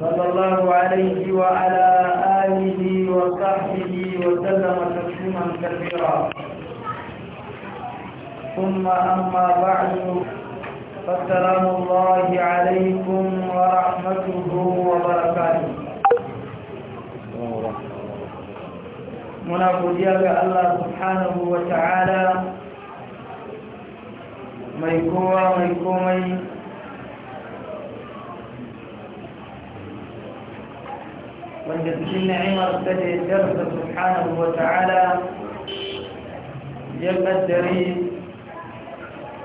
صلى الله عليه وعلى آله وصحبه وسلم تسليما كثيرا ثم أما بعد فالسلام الله عليكم ورحمته وبركاته muna godiya ga Allah subhanahu wa ta'ala mai kowa mai komai wanda cikin na'imar ta ce darsa subhanahu wa ta'ala ya kaddari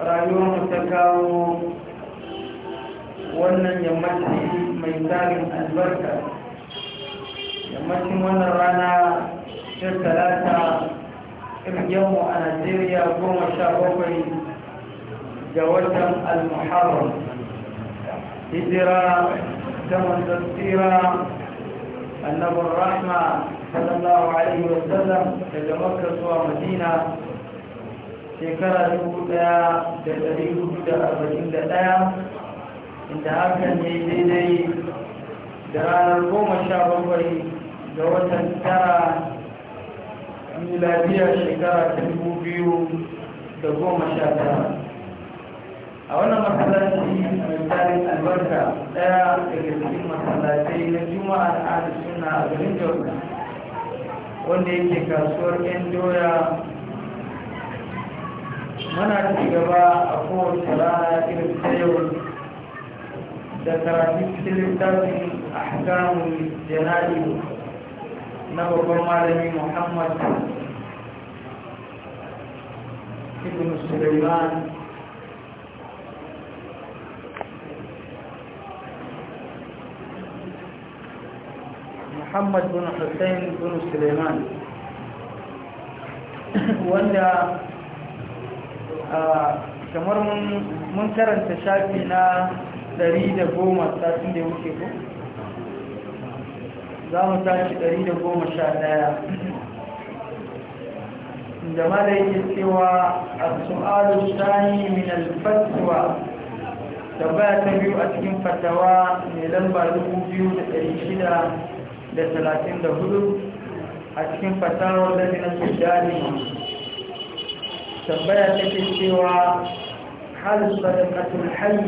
rayuwar mu ta kawo wannan yammaci mai tarin albarka yammacin wannan rana ta talata mu a najeriya goma sha bakwai ga watan al-muharram hijira ta manzan tsira annabi rahma sallallahu alaihi wasallam daga makka zuwa madina shekara dubu ɗaya da ɗari hudu da arba'in da ɗaya inda hakan ya daidai da ranar goma sha bakwai da watan tara miladiyar shekara ta dubu biyu da goma sha tara a wannan masallaci mai tsarin albarka daya daga cikin masallatai na juma'a da ahli suna a garin jordan wanda yake kasuwar yan doya muna ci gaba a kowace rana irin ta yau da karatun cikin a hakanun jana'i na babban malami muhammad ibn suleiman muhammad bin hussein bin suleiman wanda ah, kamar mun karanta shafi na 110 satin da ya wuce ko za mu tashi 111 عندما ليس سوى السؤال الثاني من الفتوى تبات بيؤتهم فتوى من لنبا لقوبيو لتريشدا د سلاتین د حضور اچھین پتاو لذین سجادی مان سبیت تشتیوا حل صدقة الحل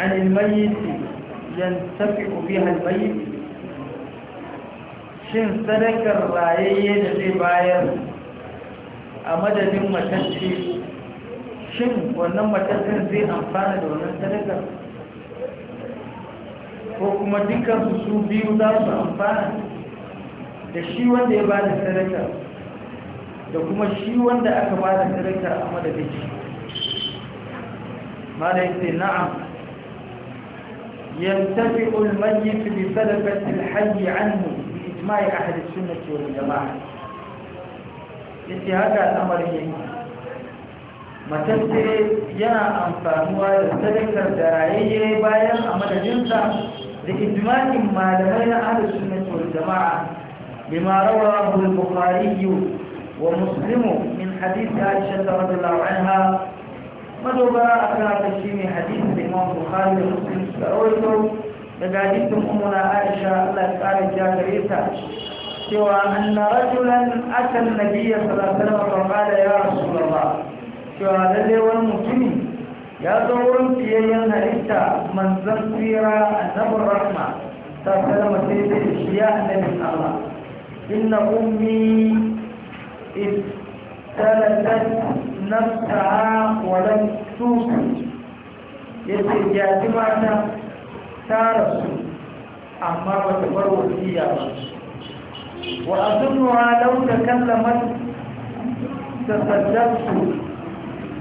عن الميت ينتفع بها الميت شن صدق الرائیت زبایر امد دم تشتیو شن ونم تشتیو زی امفان دونن صدقر ko kuma dukansu su biyu za su amfana da shi wanda ya ba da sadaka da kuma shi wanda aka ba da sadaka a madadin shi malai sai na'am ينتفع الميت بسلفة الحي عنه بإجماع أهل السنة والجماعة yace haka al'amarin yake matacce yana amfanuwa da sadakar da rayayye bayan a madadinsa لإجماع لدينا أهل السنة والجماعة بما رواه البخاري ومسلم من حديث عائشة رضي الله عنها مدوبا أكرا تشيمي حديث الإمام البخاري ومسلم سأولته لقاديث أمنا عائشة الله تعالى جاكريتا سوى أن رجلا أتى النبي صلى الله عليه وسلم فقال يا رسول الله سوى لدي والمسلمين ya zo wurin fiyayyen halitta manzan tsira annabin rahma ta salama sai da shi ya annabin allah inna ummi talatat nafsaha wa lam ya ji mata ta rasu amma ba ta bar wasiya ba wa azunnuha kallama takallamat tasaddaqtu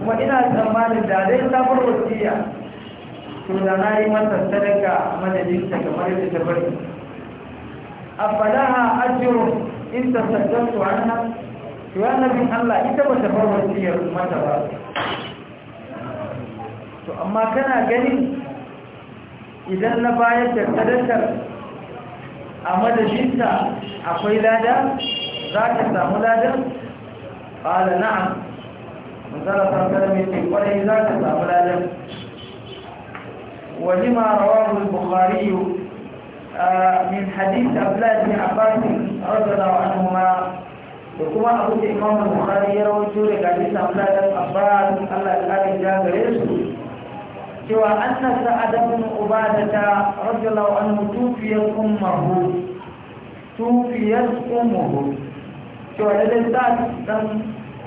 kuma ina tsammanin da dai sabon wasiya to da na yi masa sadaka madadin ta kamar da ta bari a ajiyar in ta saddatu anha su ya nabi Allah ita ba ta bar wasiyar mata ba to amma kana ganin idan na bayar da sadakar a ta akwai lada za ka samu ba da na'am ولما رواه البخاري آه، من حديث أبلاد بن عباس رضي الله عنهما وكما أقول الإمام البخاري يروي سورة حديث أبلاد بن عباس الله تعالى جابر رسول سوى أن سعد بن عبادة رضي الله عنه توفيت أمه توفيت أمه سوى لذلك سعد بن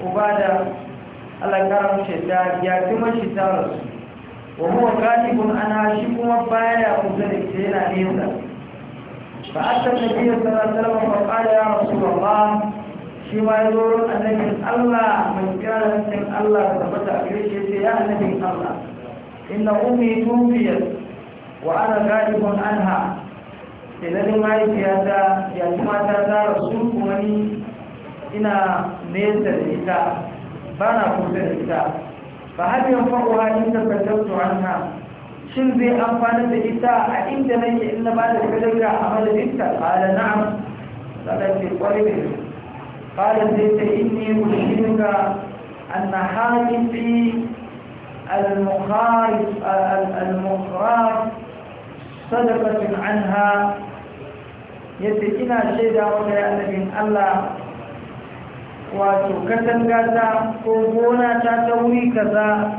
عبادة Allah ya kara ta ya kuma shi rasu wa huwa qalibun ana shi kuma baya kusa da ita yana nesa fa atta nabi sallallahu alaihi wasallam ya rasulullah shi ma yazo annabi Allah mai kira sai Allah ya tabbata a gare shi sai ya annabi Allah inna ummi tufiyat wa ana qalibun anha sai na mahaifiyata ya kuma ta rasu kuma ni ina nesa da ita bana na kusa da ita ba har yan inda kaddautu anha shin zai amfani da ita a inda nake in na ba da a madadinta qala na'am sai ce kwarai da qala sai ta inni ushiruka an halifi المخالف المخالف صدقة عنها يتكنا شيدا ولا أن من allah. wato katanga ta ko gona ta ta wuri kaza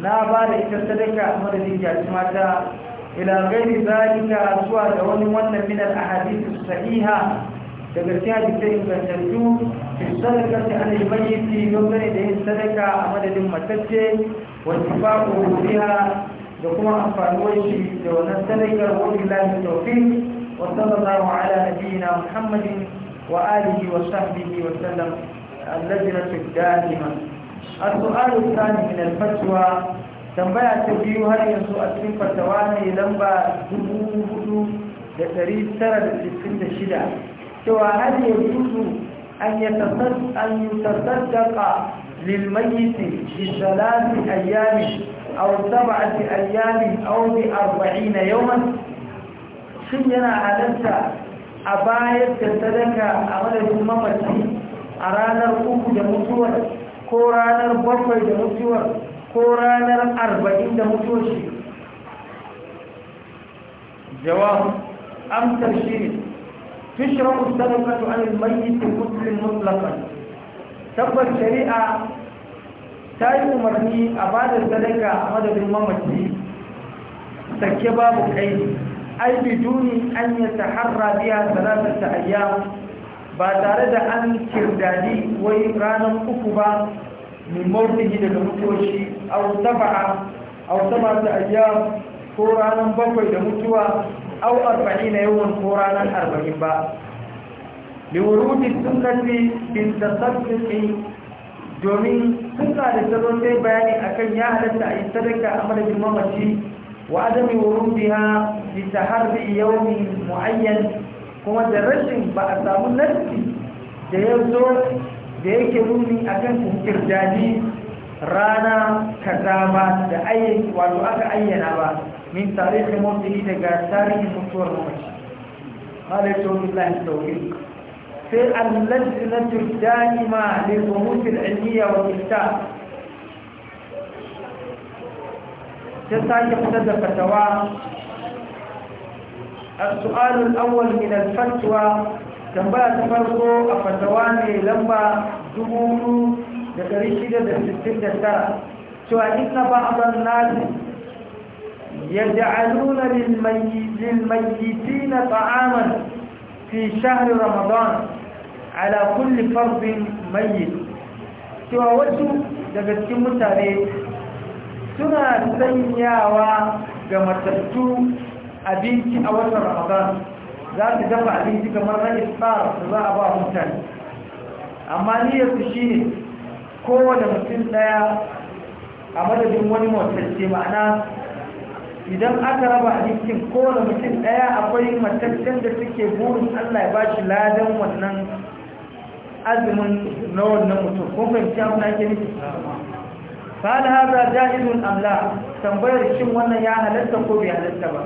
na ba da ita sadaka a madadin jati mata ila gairi zalika zuwa da wani wannan minar a ahadith sahiha daga cikin ta ingantattu fi sadaka ta alal don dogare da yin sadaka a madadin matacce ba ku biha da kuma amfanuwar shi da wannan sadakar wani lafi tawfiq wasu sallallahu ala na muhammadin وآله وصحبه وسلم اللجنة الدائمة السؤال الثاني من الفتوى تنبيع تبيو هل يسوء أسفين فتواني لنبا جبوه لتري سرى لتسكين الشدع سوى هل يجوز أن يتصدق أن يتصدق للميت بثلاث أيام أو سبعة أيام أو بأربعين يوما سينا أنا a bayar da sadaka a madadin mamaci a ranar uku da mutuwar ko ranar bakwai da mutuwar ko ranar arba'in da mutuwar shi jawab amsar shi ne tushirar sadakatu an ilmayyar muslim mutlakan tabbar shari'a ta yi umarni a ba da sadaka a madadin mamaci sake babu kai ai biduni an yataharra biha thalathata ayyam ba tare da an kirdadi wai ranar uku ba min mawdihi daga mutuwashi aw sab'a aw sab'ata ayyam ko ranar bakwai da mutuwa au aw na yawan ko ranar arba'in ba liwurudi sunnati bin tasadduqi domin sunna da tazo sai bayani akan ya halatta a yi sadaka a madadin mamaci وعدم ورودها لتحري يوم معين كما درسن بأسام النفسي da ya zo da yake nuni a kan kirjani rana kaza ba da wato aka ayyana ba min tarihin motsi daga tarihin mutuwar mamaci halar taurin lahi taurin sai allajinatul da'ima lil umutin ta sake fitar da fatawa السؤال الأول من الفتوى تنبأ تفرقه أفتواني لما دموه لتريشدة الستين دسارة سؤالنا بعض الناس يجعلون للميتين طعاما في شهر رمضان على كل فرض ميت سوى وجه لقد كم تاريخ suna sanyawa ga matattu abinci a wata ramadan za su dafa abinci kamar na isfar da za a ba mutane amma niyyarsu shi ne kowane mutum ɗaya a madadin wani matacce ma'ana idan aka raba abincin kowane mutum ɗaya akwai mataccen da suke burin allah ya ba shi ladan wannan azumin na wannan mutum ko fahimci abin ake nufi fa'al haza ja'izun amla tambayar shin wannan ya halatta ko bai halatta ba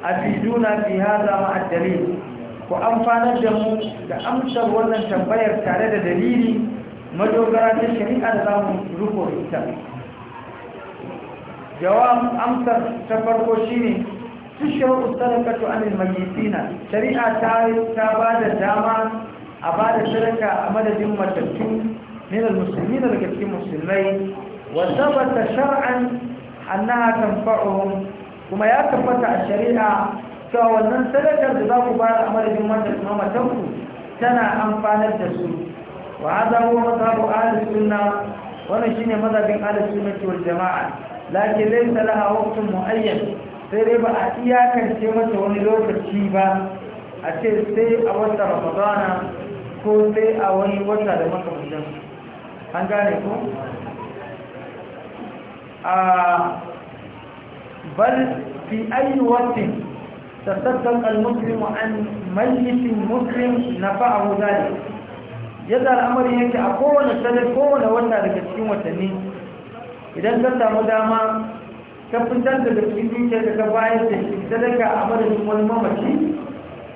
Abidu fi haza ma'a dalil ku amfanar da mu da amsar wannan tambayar tare da dalili madogara ta shari'a da za mu riko ita jawab amsar ta farko shine tushiru sadaqatu anil mayyitina shari'a ta ta da dama a ba da sadaka a madadin matattu من المسلمين لكي مسلمين وثبت شرعا أنها تنفعهم كما يتفت الشريعة فأولا سلكا ذباب بعد أمر جمعة الإمامة تنفو تنا أنفان التسوي وهذا هو مذهب أهل السنة ونشين مذهب أهل السنة والجماعة لكن ليس لها وقت مؤين سيريب أتياك الشيمة ونلوك الشيبة أتيت سي أولا رمضان كنت أولي وجه لمكة الجنة an gane ku a bal fi ayi ta tasaddaq al-muslimu an mayyit muslim nafa'ahu dhalik yadda al'amari yake a kowane sadar kowane wata daga cikin watanni idan ka samu dama ka fitar da cikin dukiyar da ka bayar da shi sadaka a madadin wani mamaci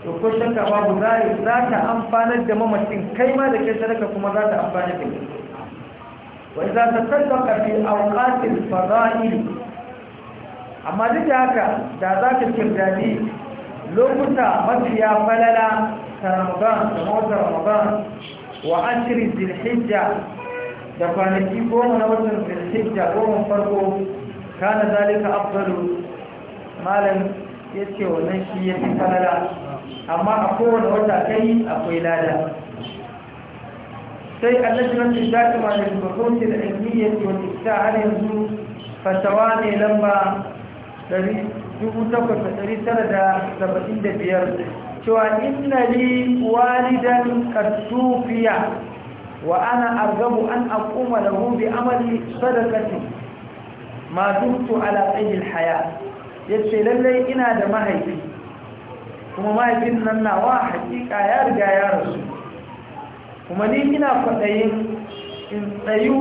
to ko shakka babu za ta amfanar da mamacin kai ma da ke sadaka kuma za ta amfanar da kai وإذا تصدق في أوقات الفضائل أما لذلك ذاك الكرداني لوكتا مطيا فللا سرمضان سموت رمضان وعشر ذي الحجة دفانتي قوم نوت ذي الحجة قوم فرقه كان ذلك أفضل مالا يتشي ونشي فللا أما أقول وتا كي أقول لا sai allajina ta shaƙi ma da bakauti da ilmiyyar wani ta har yanzu fatawa ne lamba 8,975 cewa inna li walidan kartufiya wa ana argabu an akuma lahu bi amali sadakati ma dumtu ala qayil haya yace lallai ina da mahaifi kuma mahaifin nan nawa hakika ya riga ya rasu kuma ni ina kwaɗayin in tsayu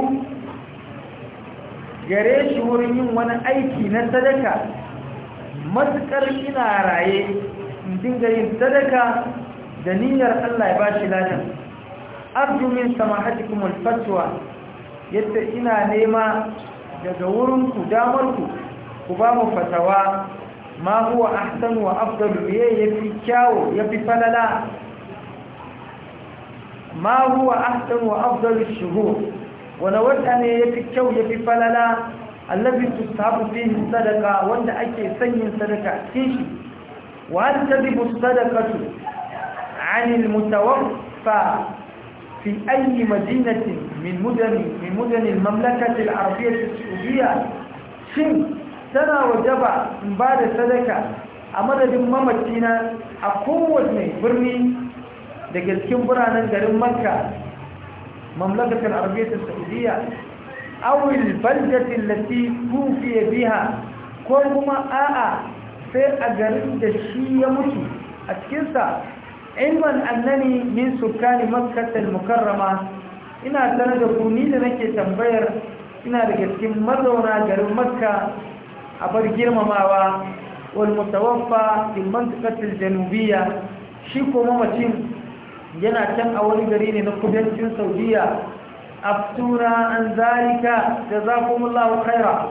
gare shi wurin yin wani aiki na sadaka matuƙar ina raye in dinga yin sadaka da niyyar Allah ya bashi ladan arju min kuma alfatwa yadda ina nema daga wurin ku damar ku ku ba mu fatawa ma huwa ahsan wa afdalu yafi kyawu yafi falala ما هو أحسن وأفضل الشهور أن يفكو يففللا الذي تستحب فيه الصدقة وأن أكي سي صدقة كيشي وأن تجب الصدقة عن المتوفى في أي مدينة من مدن من مدن المملكة العربية السعودية شن سنة وجبع بعد صدقة أمر بممتنا أقوة برني da cikin biranen garin makka mamlakatar arabiyatar saudiya awil baldatin lati kufiye biha ko kuma a'a sai a garin da shi ya mutu a cikinsa ilman annani min sukani makkatar mukarrama ina sanar da ku da nake tambayar ina daga cikin mazauna garin makka a bar girmamawa wal mutawaffa fil mantiqatil janubiyya shi ko mamacin yana can a wani gari ne na kudancin saudiya tura an zarika da za kuma lawa kaira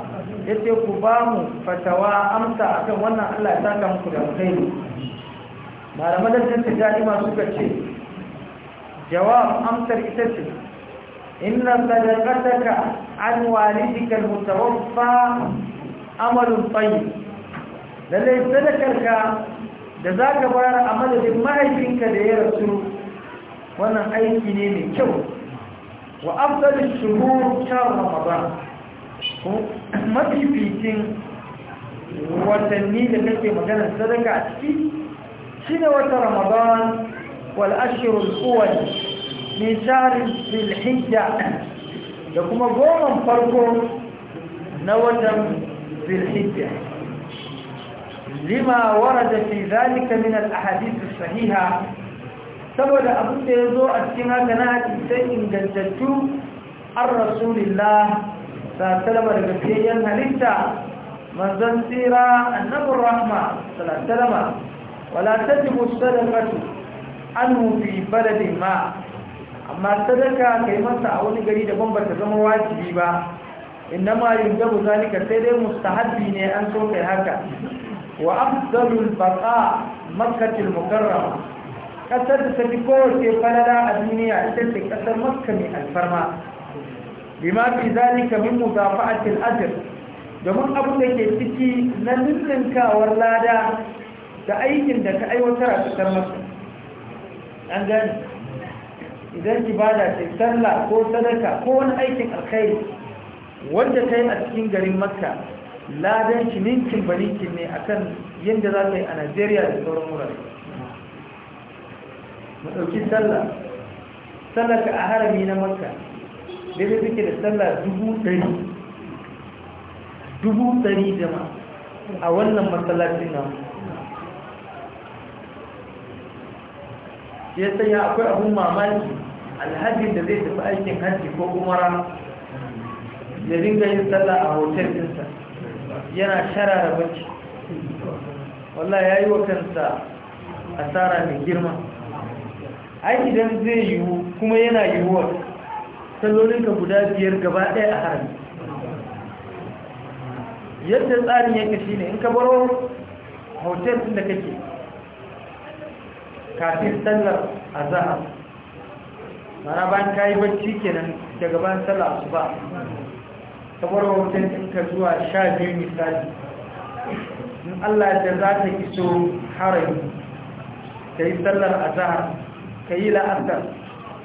ya ce ku ba mu fatawa amsa akan wannan allah ya saka muku da mutane malamar da tajadima suka ce jawab amsar ita ce inna sadaqataka an walidika almutawaffa amalun tayyib lalle sadakarka da zaka bayar a madadin mahaifinka da ya rasu wannan aiki ne mai kyau wa afdalin shuhur shar ramadan mafificin watanni da kake maganar sadaka a ciki shi ne wata ramadan wal ashirul uwal min sharin zilhijja da kuma goman farko na watan zilhijja lima warada fi zalika min al ahadith as-sahiha saboda abin da ya zo a cikin haka na hadisai ingantattu an rasulillah sa salama daga fiyayyen halitta manzon tsira annabin rahma salama wala ta jibu an hufi baladin ma amma sadaka kai masa a wani gari daban ba ta zama wajibi ba inna ma yin gabu zalika sai dai mustahabbi ne an so kai haka wa afdalul baqa makkatul mukarrama ƙasar da ta fi kowace falala a duniya ita ce ƙasar makka mai alfarma bima fi zalika min mudafa'atil ajr domin abin da ke ciki na ninninkawar lada da aikin da ka aiwatar a ƙasar makka. an gani idan ibada ce sallah ko sadaka ko wani aikin alkhairi wanda ka yi a cikin garin makka ladan shi ninkin ba ne akan yadda za ka yi a najeriya da sauran wurare mu ɗauki sallah ka a harami na makka daidai suke da sallah dubu ɗari dubu ɗari jama a wannan matsalacin nan ya sanya akwai abun mamaki alhajin da zai tafi aikin hajji ko umara ya dinga yin sallah a hotel ɗinsa yana sharara bacci wallah ya yi wa kansa asara mai girma ai idan zai yiwu kuma yana yiwuwar sallolinka guda biyar gaba ɗaya a harami yadda tsarin yake shi ne in ka baro hotel ɗin da kake kafin sallar azahar mara bayan ka yi bacci kenan daga bayan sallar ba. ka baro hotel ɗin ka zuwa sha biyu misali in allah da za ta iso harami ta yi sallar zahar? ka yi la'asar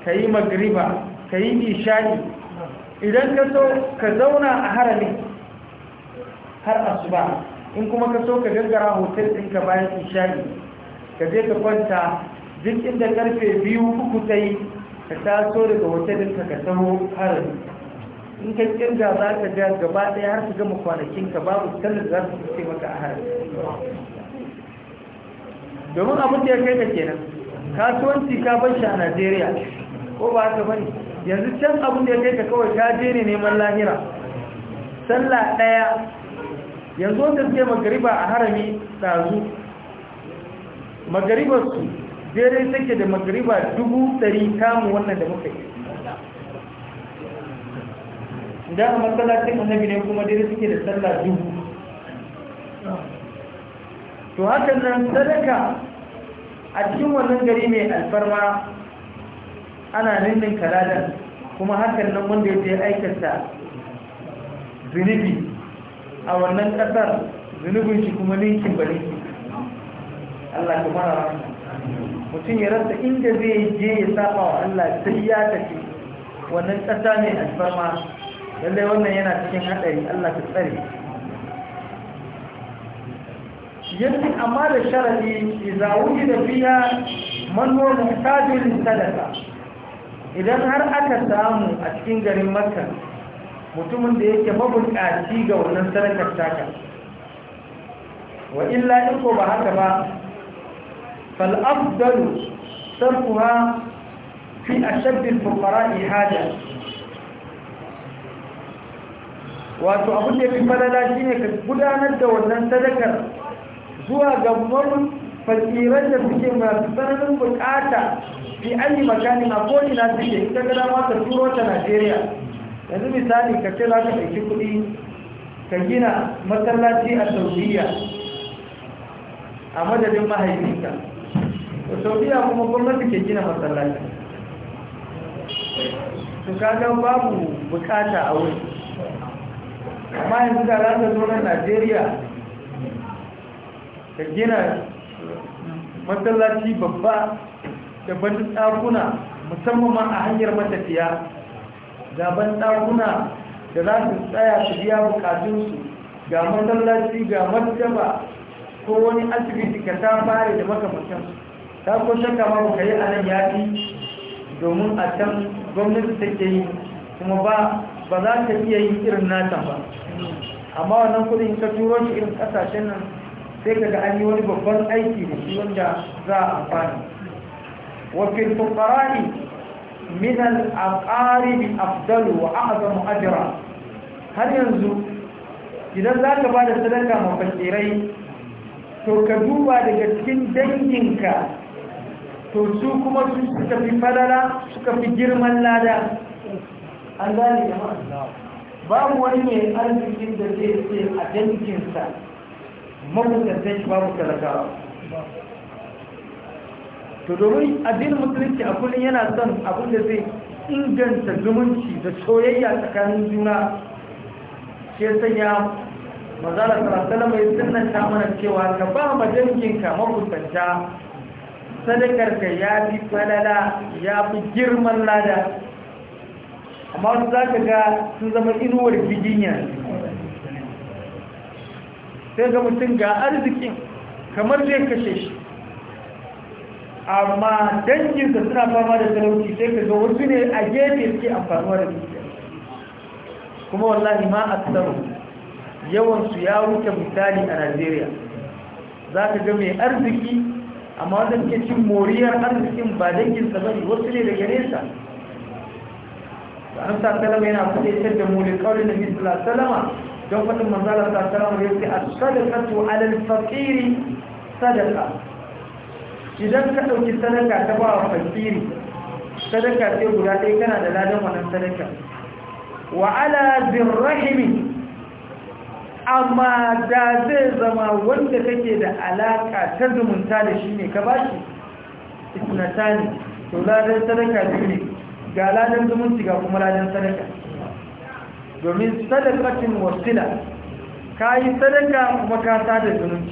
ka yi magriba ka yi nishani idan ka so ka zauna a harami har asuba in kuma ka so ka gangara hotel ɗinka bayan nishani ka je ka kwanta duk inda karfe biyu uku ta yi ka taso daga hotel ɗinka ka taho harami in ka kirga za ka ga gaba ɗaya har ka gama kwanakinka babu sallar za su fi maka a harami domin abin da ya kai ka kenan kasuwanci ka bar shi a najeriya ko ba haka bane yanzu can abin da ya kai ka kawai ka je ne neman lahira sallah ɗaya yanzu wanda suke magariba a harami ɗazu magaribarsu jere take da magariba dubu dari kamun wannan da muka yi idan a matsalacin annabi ne kuma dare suke da sallah dubu to hakan nan sadaka a cikin wannan gari mai alfarma ana nindin kaladan kuma hakan nan wanda ya aikata zunubi a wannan ƙasar zunubin shi kuma ninkin ba ninkin Allah kuma na mutum ya rasa inda zai je ya saba wa Allah sai ya tafi wannan ƙasa mai alfarma lallai wannan yana cikin haɗari Allah ta tsare yace amma da sharadi idza da fiha man huwa muhtajun idan har aka samu a cikin garin maka mutumin da yake mabukaci ga wannan sadakar taka wa illa in ko ba haka ba fal afdalu fi ashadd al fuqara haja wato abin da yafi falala ne ka gudanar da wannan sadakar zuwa ga fasirar da suke masu tsananin bukata fi ayi makani a ko'ina suke ita gada masu turo ta najeriya yanzu misali ka ce za ka ɗauki kuɗi ka gina masallaci a saudiya a madadin mahaifinka A saudiya kuma gwamnati ke gina matsalaci su kagan babu bukata a wuri amma yanzu da ranar zonar najeriya ka gina masallaci babba da ban ɗakuna musamman ma a hanyar matafiya ga ban ɗakuna da za su tsaya su biya bukatunsu ga matsalaci ga matsaba ko wani asibiti ka ta fara da makamakin ta ko shaka ma ka yi anan yaƙi domin a can gwamnati take yi kuma ba ba za ta iya yin irin nata ba amma wannan kudin ka turo shi irin ƙasashen nan sai daga an yi wani babban aiki da shi wanda za a amfani wafin fukarari minan al'akari bi afdalu wa azamu ajira har yanzu idan za ka ba da sadaka mafakirai to ka duba daga cikin danginka to su kuma su suka fi falala suka fi girman lada an gane jama'a babu wani mai arzikin da zai ce a danginsa mahukuntan shi babu talakawa to domin addinin musulunci a kullum yana son abin da zai inganta zumunci da soyayya tsakanin juna ke sanya mazala sarasala mai sunanta mana cewa ka ba ma danginka makusanta sadakarka ya fi falala ya fi girman lada amma wasu za ka ga sun zama inuwar biginyar sai ga mutum ga arzikin kamar zai kashe shi amma danginsa suna fama da talauci sai ka ga wasu ne a gefe suke amfanuwa da dukiya kuma wallahi ma a tsaro yawansu ya wuce misali a najeriya za ka ga mai arziki amma wanda suke cin moriyar arzikin ba danginsa ba ne wasu ne da nesa da an sa salama yana kudaitar da mulin kawai da misala salama don wannan manzala ta salamu ya ce a sadakatu alal fakiri sadaka idan ka ɗauki sadaka ta ba wa fakiri sadaka sai guda ɗaya kana da ladan wannan sadaka wa ala birrahimi amma da zai zama wanda kake da alaka ta zumunta da shi ne ka ba shi isnatani to ladan sadaka biyu ne ga ladan zumunci ga kuma ladan sadaka domin sadakatin wasila ka yi sadaka kuma ka da zumunci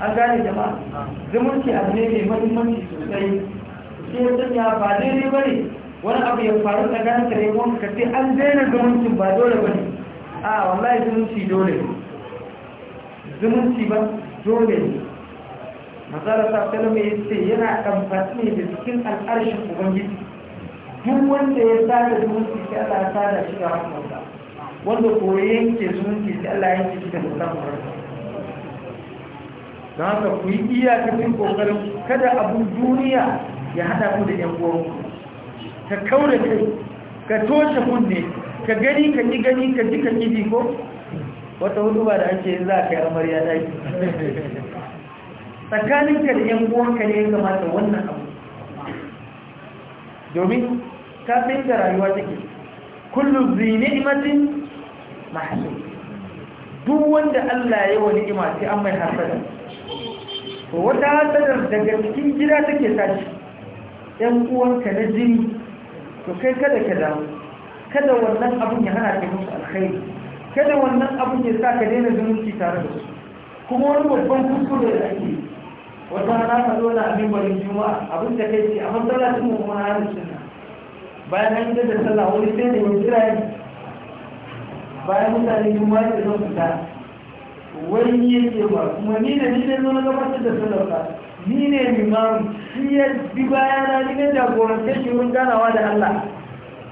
an gane jama'a zumunci a ne mai mahimmanci sosai shi ya sanya ba daidai ba ne wani abu ya faru tsakanin kare kuma ka ce an daina zumuncin ba dole ba ne a wallahi zumunci dole ne zumunci ba dole ne matsala sa salome ya ce yana kamfani da cikin al'arshin ubangiji duk wanda ya saka zumunci shi Allah ya sada shi da rahmarsa wanda koyi yanke zumunci shi Allah ya yanke shi da rahmarsa don haka ku yi iya cikin kokarin kada abun duniya ya hada ku da yan uwanku ka kaura kai ka toshe kunne ka gani ka ji gani ka ji ka ji ko wata hudu ba da ake yin za a kai amarya daki tsakaninka da yan uwanka ne ya kamata wannan abu domin ta sai da rayuwa take kullu zi ni'matin mahsud duk wanda Allah ya wani ni'ima sai an mai hasada to wata hasadar daga cikin gida take tashi ɗan uwanka na jini to kai kada ka damu kada wannan abin ya hana ka musu alkhairi kada wannan abin ya sa ka daina zumunci tare da su kuma wani babban kuskure da ake wata rana ka zo na abin barin juma'a abin da kai ce a masallacin mu kuma na harin sunna bayan an yi da sallah wani sai da yanzu rayu bayan mutane kuma ya zan fita wani yake ba kuma ni da ni ne zo na gabatar da sallah ba ni ne limamu shi ya bi bayana ni ne jagorance shi mun ganawa da Allah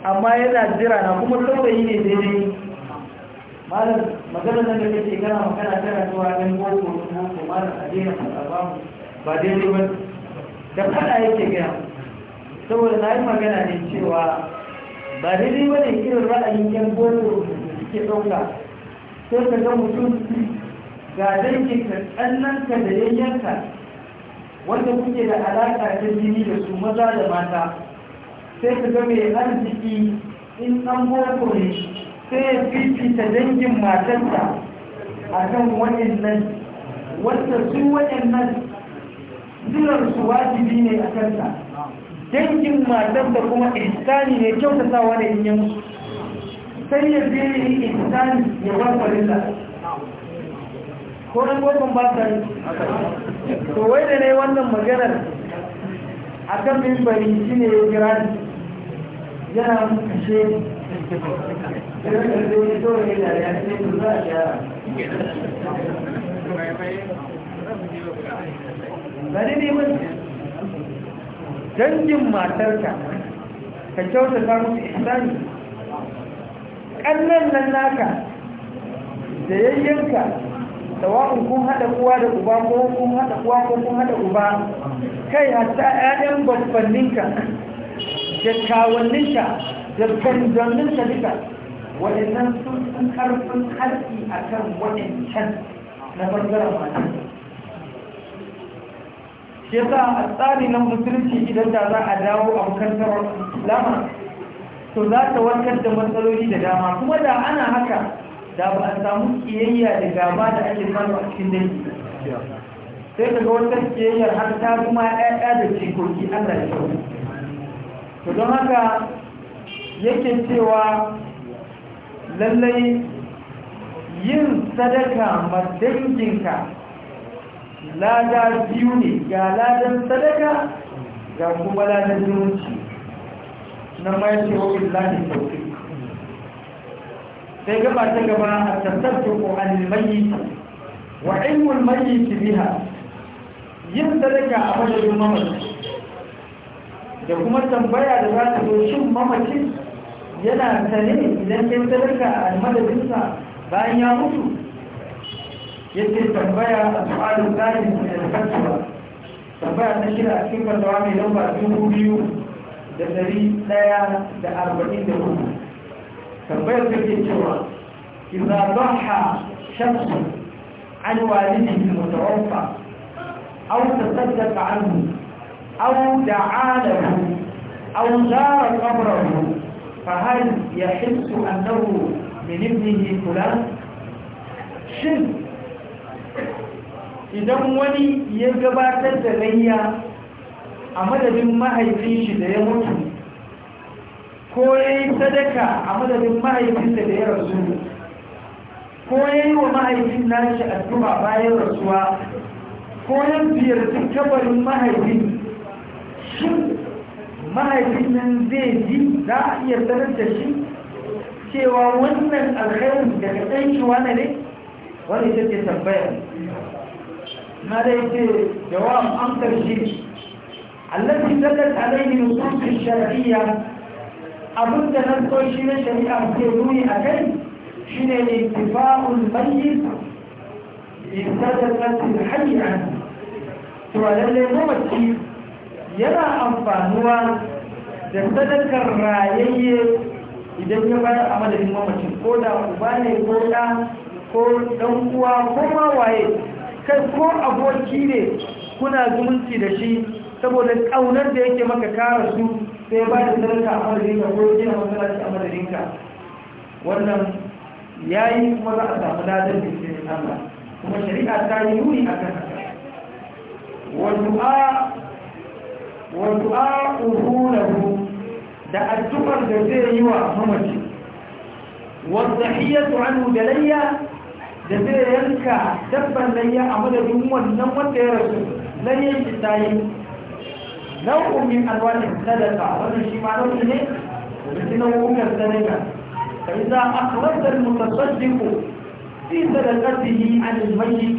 amma yana jira na kuma saurayi ne daidai malam magana nan da kake gana magana tana zuwa ɗan boko ko malam a daina faɗa ba ba daidai ba da faɗa yake gaya mu saboda na yi magana ne cewa ba daidai ba ne irin ra'ayin yan boko suke ɗauka sai ka ga mutum ga dangin ka da yayyanka wanda kuke da alaƙa ta jini da su maza da mata sai ka ga mai arziki in an boko ne sai ya fifita dangin matarsa a kan waɗannan wanda su waɗannan su wajibi ne a kanta dangin matan da kuma ihsani ne kyauta ne in yi sai ya fi yi ihsani ya bar farilla ko ɗan ba ta yi to wai da ne wannan maganar a kan bari shi ne ya kira ni yana kashe Bari dangin matarka ka kyauta ta musu ihsani ƙannan nan naka da yayyanka sawa'un kun haɗa uwa da uba ko kun haɗa uwa ko kun haɗa uba kai hatta 'ya'yan babbanninka da kawanninka da gandanninka duka waɗannan sun sun ƙarfin harki akan waɗancan na ɓangaren matarka shi yasa a tsari na musulunci idan da za a dawo a makarantar lama to za ta warkar da matsaloli da dama kuma da ana haka da ba a samu kiyayya da gaba da ake samu a cikin dangi sai daga wata kiyayyar har ta kuma ƴaƴa da jikoki allah ya to don haka yake cewa lallai yin sadaka ma danginka lada biyu ne ga ladan sadaka ga kuma ladan zumunci na mai ce wa illahi sauki sai gaba ta gaba a tattattu ko al limayi wa ilmu al-mayyit biha yin sadaka a madadin mamaci da kuma tambaya da za ta zo shin mamacin yana tare idan yin sadaka a madadinsa bayan ya mutu يجي التنبية السؤال الثاني من الفتوى تنبية نشرة كيف دوامي لو بعدين بوليو دنري لا يعني ده أربعين دوام تنبية تجي إذا ضحى شخص عن والده المتوفى أو تصدق عنه أو دعا له أو زار قبره فهل يحس أنه من ابنه فلان؟ شرك idan wani ya gabatar da gayya a madadin mahaifin shi da ya mutu ko ya yi sadaka a madadin mahaifinsa da ya rasu ko ya yi wa mahaifin nashi addu'a bayan rasuwa ko ya ziyarci kabarin mahaifin shi mahaifin nan zai ji za a iya sanar da shi cewa wannan alkhairin daga ɗan shi wane ne wani ita ke tambayar ما ليس جواب أم ترجيح التي دلت عليه نصوص الشرعية أبد أن تشير شريعة بدون أكل حين انتفاع الميت ابتدت الحي عنه ولله ممشي yana amfanuwa da sadakar rayayye idan ya bayar a madadin mamacin ko da uba ne ko ɗa ko ɗan uwa ko ma waye kai ko aboki ne kuna zumunci da shi saboda kaunar da yake maka kara su sai ba da sarka a madadinka ko gina masarashi a madadinka wannan ya yi kuma za a samu ladar da ke Allah kuma shari'a ta yi nuni a kan haka wadu'a uhulahu da addu'ar da zai yi wa mamaci wadda hiyatu an da layya da zai yanka dabban layya a madadin wannan wanda ya rasu layyan shi ta yi nau'un min alwanin sadaka wannan shi ma nau'i ne da shi nau'ukan sadaka fa idza akhrajta al-mutasaddiq fi sadaqatihi an al-mayyit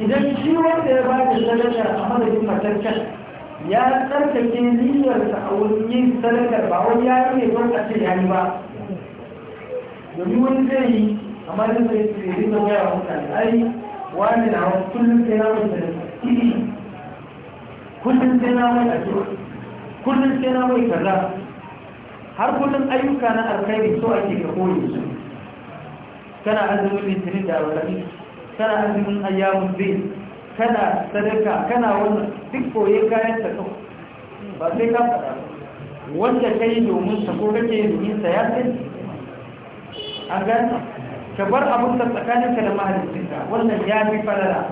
idan shi wanda ya ba da sadaka a madadin mataccen ya tsarkake niyyarsa a wurin yin sadakar ba wani ya yi ne don a yi ba domin wani zai yi amma duk da yake yi da waya mutane ai wani na wani kullum sai na wani da kullum sai na wani a kullum sai na wani kaza har kullum ayyuka na alkhairi so ake ka koyi su kana azumin litinin da alkhairi kana azumin ayyamun zai kana sadaka kana wannan duk koye kayan ta ba sai ka faɗa wanda yi domin sa ko kake domin sa ya sai an gani ka bar abin da tsakaninka da mahalicinka wannan ya fi falala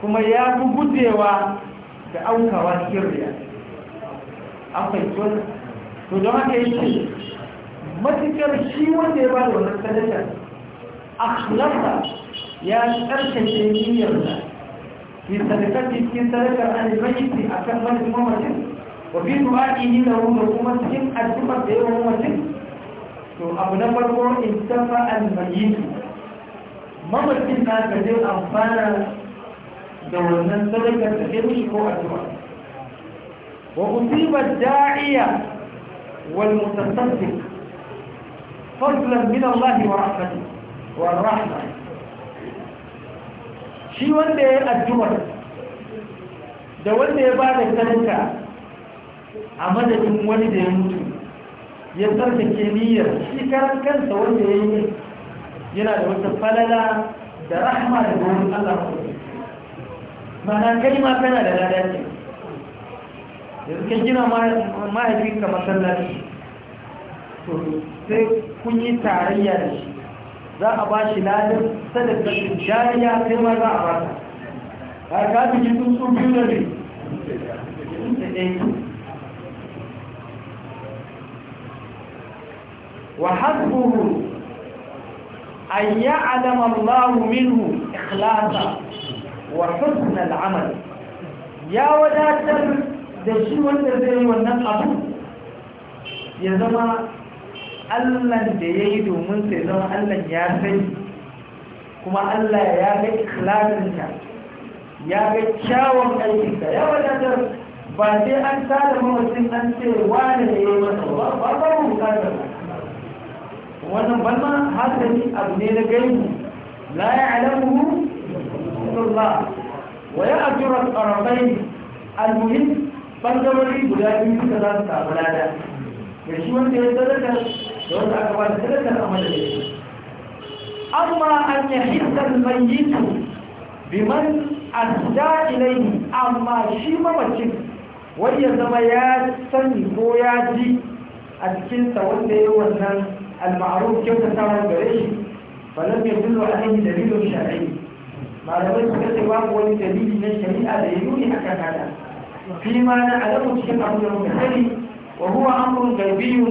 kuma ya fi gujewa da aukawa cikin riya an fahimci to don haka yake matuƙar shi wanda ya ba da wannan sadakar akhlasa ya tsarkake niyyarsa fi sadakati cikin sadakar an mayyiti akan wani mamacin wa fi du'a'ihi na da kuma cikin addu'ar da yawan mamacin to abu na farko in tafa almayitu mamakin na ka zai amfana da wannan sadakar da ke mishi ko addu'a wa musibar da'iya wal mutasaddiq fadlan min Allah wa rahmatihi wa rahma. shi wanda ya addu'ar da wanda ya bada sadaka a madadin wani da ya mutu ya tsarkake niyyar shi karan wanda ya yi yana da wata falala da rahama da wurin Allah mana kai ma kana da lada ce yanzu kan gina mahaifinka masallaci to sai kun yi tarayya da shi za a ba shi ladar sadakatin jariya sai ma za a ba ta a kafin yi tutsu biyu da ne وحسبه أن يعلم الله منه إخلاصا وحسن العمل يا وداتر دشي wanda zai wannan abu ya zama Allah da ya yi domin sai zama Allah ya sani kuma Allah ya ga ikhlasinka ya ga kyawun aikinka ya wadatar ba sai an tada mawacin an ce wane ne yi masa ba ba wannan balma hasali abu ne na gaibu la ya'lamuhu illallah wa ya'juru al-qarbayn al-muhim bangarori guda biyu da za su samu lada da shi wanda ya sadaka da wanda aka ba da sadaka a madadin amma an yahissa al-mayyit a asda ilayhi amma shi mamacin wai ya zama ya sani ko ya ji a cikinsa wanda ya wannan المعروف كيف تسمى البريش فلم يدل عليه دليل شرعي ما لم يكن سواه ولدليل من الشريعة دليلون حتى هذا فيما نعلم الشيخ عبد المنحل وهو أمر غيبي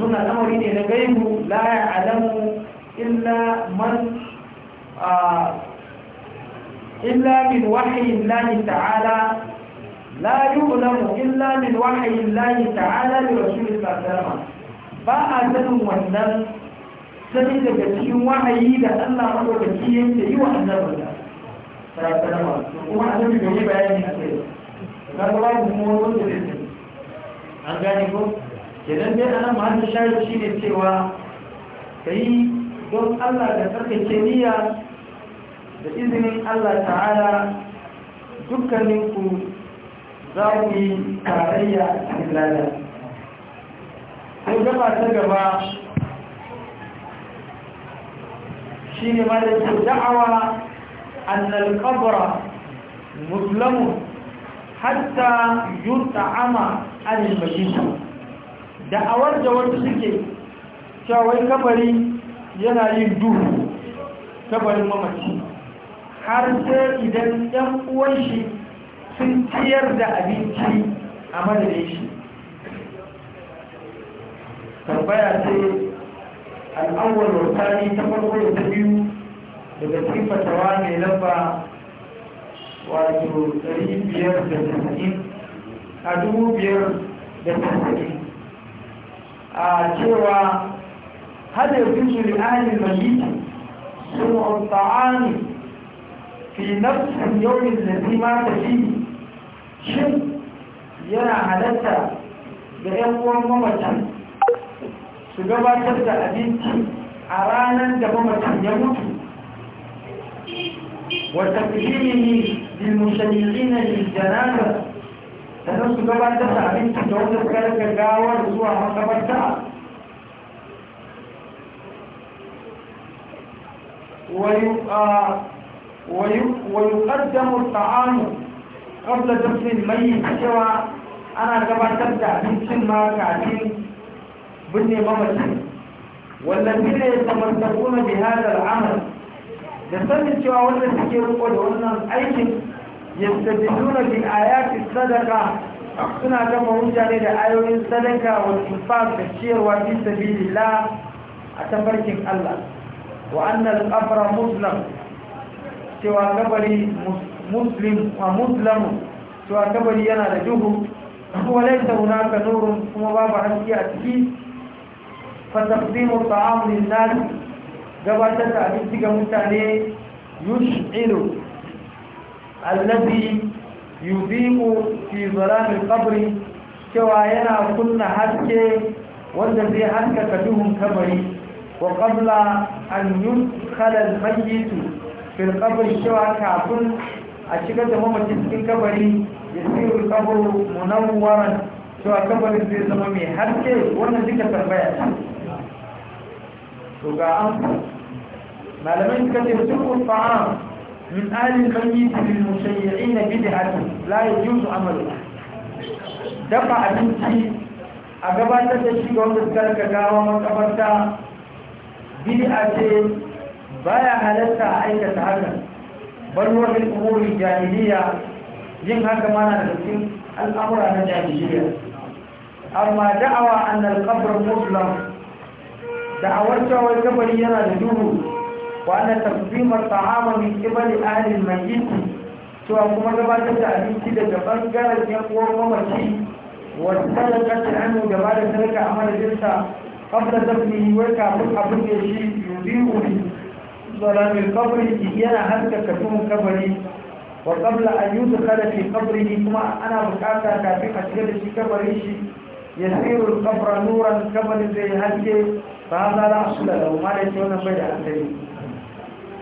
ظن الأمر إلى غيب لا يعلم إلا من آه، إلا من وحي الله تعالى لا يؤلم إلا من وحي الله تعالى لرسول الله صلى الله عليه وسلم ba a sanin wannan sanin daga cikin wahayi da Allah madaukaki yake yi wa annabinsa sarakarama kuma annabi bai yi bayani a kai ba ga ba kuma wani wanda zai sani an gane ko kenan dai anan mahallin shari'a ne cewa yi don Allah da tsarkake niyya da izinin Allah ta'ala dukkaninku za mu yi tarayya a cikin lalata sai gaba ta gaba shi ne ma da ke da'awa annal kabara muslimu hatta yurta ama anil majisu da'awar da wanda suke cewai kabari yana yin duhu kabarin mamaci har sai idan 'yan uwan shi sun ciyar da abinci a madadin shi tambaya ce al'awwal wasani ta farko da ta biyu daga cikin fatawa mai lamba wato 590 a 590 a cewa hada yuzu li ahli al-mayyit ta'ani fi nafs al-yawm alladhi mata fihi shi yana halatta da yan uwan mamacin su gabatar da abinci a ranar da mamacin ya mutu وتقديمه للمشيعين للجنازة sannan su gabatar da abinci da wanda suka daga gawar zuwa makabarta ويقدم الطعام قبل دفن الميت cewa ana gabatar da abincin ma kafin binne mamaci wallafi ne tamartakuna bi hadal amal da sanin cewa wanda suke riko da wannan aikin yastadilluna bi ayati sadaka suna kafa hujja ne da ayoyin sadaka wa infaq da ciyarwa fi sabilillah a tafarkin Allah wa annal afra muslim cewa kabari muslim cewa yana da duhu kuma laisa hunaka nurun kuma babu haske a ciki فتقديم الطعام للناس gabatar da abinci ga mutane yush'ilu allazi yuziqu fi zalami qabri cewa yana kunna haske wanda zai haskaka duhun kabari wa qabla an yudkhala al-mayyit fi al cewa kafin a shigar da mamaci cikin kabari ya siru kabru munawwaran cewa kabarin zai zama mai haske wannan duka tambaya to ga an malamai suka ce sukun fa'am min alin mayyit lil mushayyi'in bid'atun la yajuzu amalu dafa abinci a gabatar da shi ga wanda suka rika gawa makabarta bid'a ce baya halatta a aikata hakan bal wa bil umuri yin haka mana da cikin al'amura na jahiliya amma da'awa annal qabr muslim da'awar cewa kabari yana da duhu wa anna taqdimar ta'ama mai qibali ahli al-mayyit cewa kuma gabatar da abinci daga bangaren yan uwan mamaci wa sadaqati hannu da ba da sadaka a madadinsa qabla dafnihi wa kafin abin da shi yubi'u bi zalamin qabri yana haskaka kafin kabari wa qabla an yudkhala fi qabrihi kuma ana bukata kafin a shiga da shi kabari shi yasiru al-qabra nuran kabarin zai haske ba za a asula da umar ya ce wannan bai da asali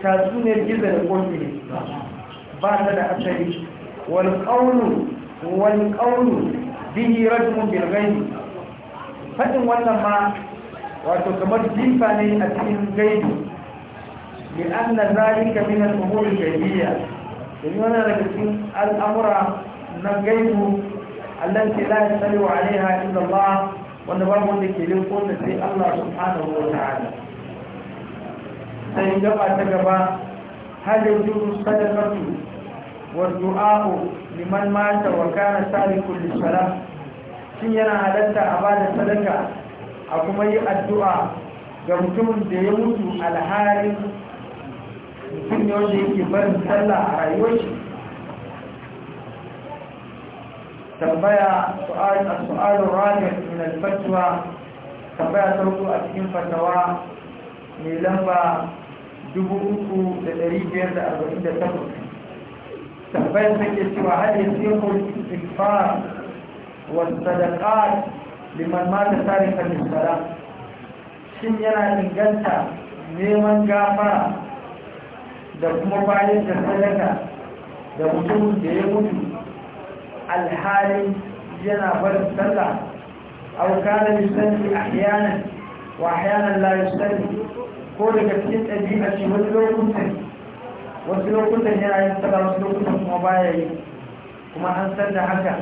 tatsuniyar gizo da ƙofi ne ba ta da asali wani ƙaunu wani ƙaunu bihi rajmun bil gaibi fadin wannan ma wato kamar jifa ne a cikin gaibi li anna zalika min al umur al gaibiyya domin wannan daga cikin al'amura na gaibu allati la yasalu alaiha illa Allah wanda babu wanda ke yin wanda sai Allah subhanahu wa ta'ala sai gaba ta gaba hal yajuzu sadaqatu wa du'a'u liman mata wa kana tariku lis shin yana halatta a bada sadaka a kuma yi addu'a ga mutumin da ya mutu alhalin mutum ne wanda yake barin sallah a rayuwar tambaya su'al as-su'al ar-rabi' min ta rubu a cikin fatawa mai lamba 3548 tambayar take cewa hal yasiqu al-istighfar wa sadaqat liman mata tarikan al-salat shin yana inganta neman gafara da kuma bayan da sadaka da mutum da ya mutu alhali yana barin sallah aw kana yusalli ahyanan wa ahyanan la ko daga cikin ɗabi'a ce wani lokutan wasu lokutan yana yin sallah wasu lokutan kuma baya yi kuma an san da haka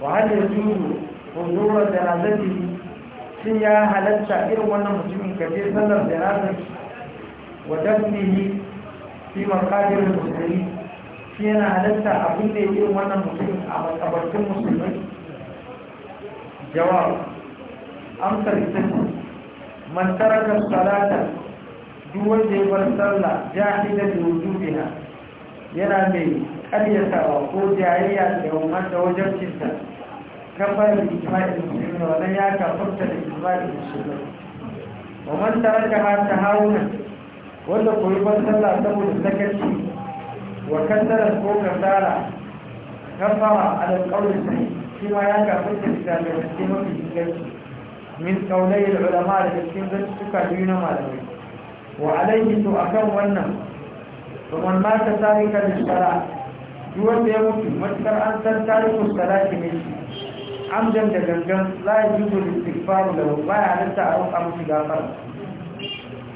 wa hal yajuzu huzura janazatihi shin ya halatta irin wannan mutumin ka je da janazar wa dafnihi fi maqadir da muslimin shi yana halatta abin da yi wannan mutum a makabartun musulmai jawab amsar ita ce man salata duk wanda ya bar sallah jahila bi wujubiha yana mai wa ko jayayya da wanda wajabcinta kafar ijma'il muslimin wannan ya kafarta da ismail musulmi wa man taraka ha tahawuna wanda koyi bar sallah saboda sakaci وكثرت فوق سارة كفر على القول الصحيح فيما يقع في الكتاب والسنة في من قولي العلماء للسنة تكادون مالوي وعليه تؤكم والنم ومن مات تاركا للصلاة يوم يموت مذكر أن تارك الصلاة منه عمدا لجنجن لا يجوز الاستغفار له ما يعلمت أروح أمشي غافر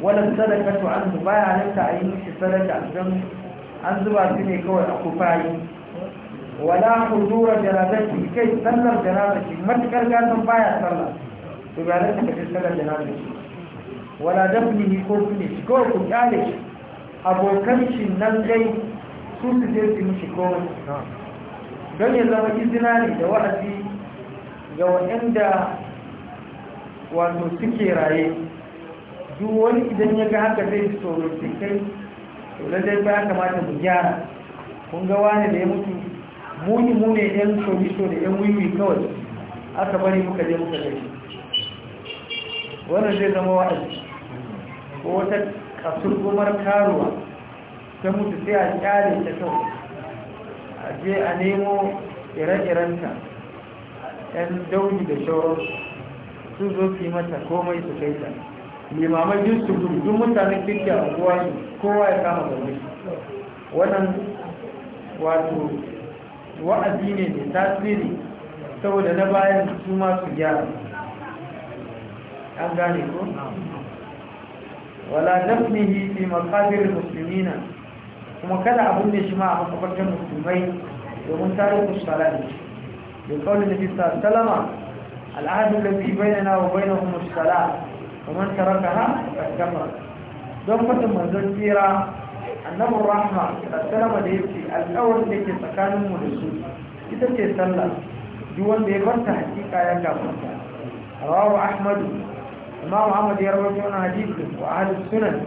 ولا الصدقة عنه ما يعلمت أي مش صدقة عنه an zuba su ne kawai a kufayi wala hudura janazati kai sallar janazati matukar gasan baya sallah to ba lalle ka sallar janazati wala dafni ko kune shi ko ku kyale shi abokan shi nan dai su su je su mishi ko don ya zama izina ne da wa'azi ga waɗanda wato suke raye duk wani idan ya ga haka zai tsoro sai kai to dai ba ya kamata mu gyara kun ga wani da ya mutu muni mune yan shomisho da yan wiwi kawai aka bari muka je muka gani wannan zai zama wa'azi ko wata kasurgumar karuwa ta mutu sai a kyale ta kawai a je a nemo ire-irenta yan dauni da shauransu su zo fi mata komai su kai ta limaman yin su duk mutanen kirki a kowa kowa ya kama zaune wannan wato wa'azi ne mai tasiri saboda na bayan su masu gyara an gane ko wala dafnihi fi maqabir muslimina kuma kada abun da shi ma a makabartar musulmai domin tarihin salat da kawai da bisa salama al'adun da fi bayyana wa bayyana kuma salat ومن تركها فقد كفر دون فتن منزل سيرة النبي الرحمة السلام عليكم الأول التي تكالم رسول إذا تسلل دون بيبرت حقيقة يا كفر رواه أحمد إمام أحمد يروي عن حديث وأهل السنن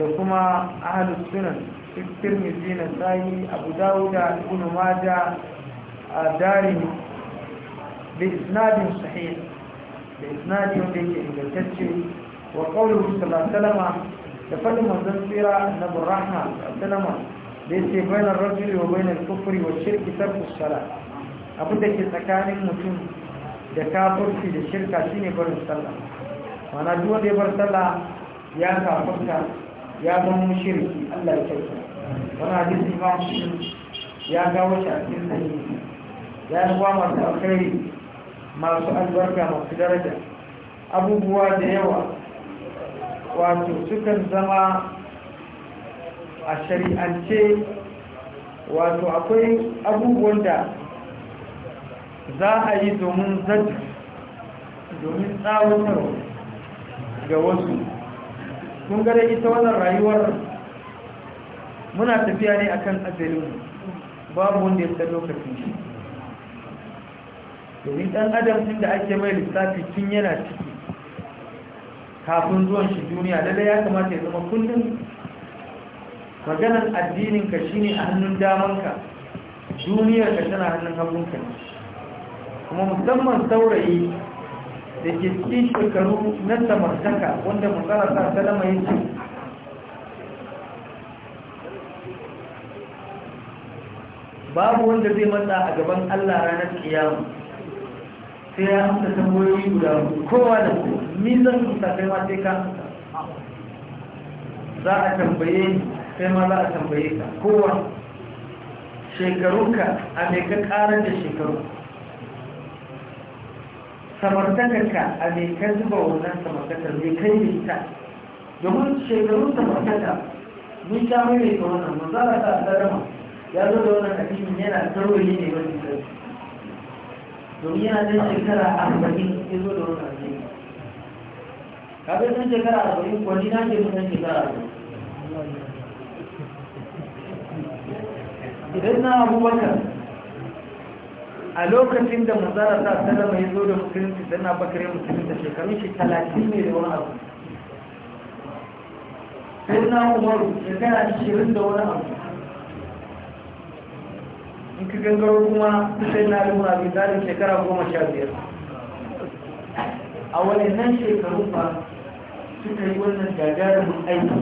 دكما أهل السنن في الترمذي نسائي أبو داود ابن ماجه داري بإسناد صحيح da isnadi wanda yake ingantacce wa qawluhu sallallahu alaihi da fadin manzon tsira na annabi rahma sallama da yake bainar rajuli wa bainar kufuri wa shirki tarku sala abin da ke tsakanin mutum da kafirci da shirka shine barin sallah mana duk wanda ya bar sallah ya kafirta ya zama shirki, Allah ya kyauta wannan hadisi imam ya ga wata cikin sahihi ya ruwa da alkhairi masu albarka masu daraja abubuwa da yawa wato sukan zama a shari'ance wato akwai abubuwan da za a yi domin zata domin tsawatarwa ga wasu kun gare ita wannan rayuwar muna tafiya ne akan kan babu wanda ya ta lokacin shi domin ɗan adam tun da ake mai lissafi tun yana ciki kafin zuwan shi duniya lalle ya kamata ya zama kullum maganar addininka shine a hannun damanka duniyar ka tana hannun hagunka ne kuma musamman saurayi da ke cikin shekaru na samartaka wanda ta salama yin ci babu wanda zai matsa a gaban allah ranar kiyama sai ya amsa tambayoyi guda kowa da kowa ni zan amsa kai ma sai ka za a tambaye sai ma za a tambaye ka kowa shekarunka a mai ka karar da shekaru samartakarka a mai ka zuba wannan samartakar mai kai da ta domin shekarun samartaka mun sha mai mai ta wannan za zara sa a ya zo da wannan addini yana tarwaye ne wani sarki domin yana zai shekara arba'in ya zo da wani arziki kafin san shekara arba'in kwanci na ke san shekara arba'in idan na abubakar a lokacin da mazara ta salama ya zo da musulunci dana bakare musulunta shekarun shi talatin ne da wani abu sai na umaru shekara shirin da wani abu in ka gangaro kuma sai na rumun abin zalin shekara goma sha biyar a wadannan shekaru ba suka yi wannan gagarumin aiki